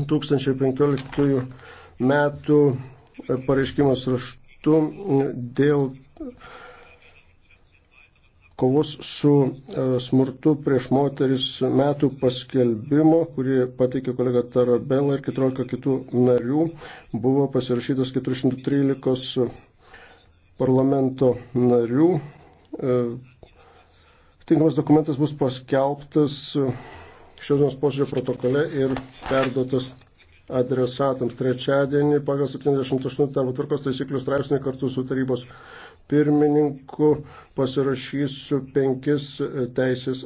2015 metų pareiškimas raštu dėl kovos su e, smurtu prieš moteris metų paskelbimo, kurį pateikė kolega Tarabela ir 14 kitų narių, buvo pasirašytas 413 parlamento narių. E, tinkamas dokumentas bus paskelbtas šios posėdžio protokole ir perduotas adresatams trečiadienį pagal 78 darbo tvarkos taisyklių straipsnį kartu su tarybos pirmininku pasirašysiu penkis teisės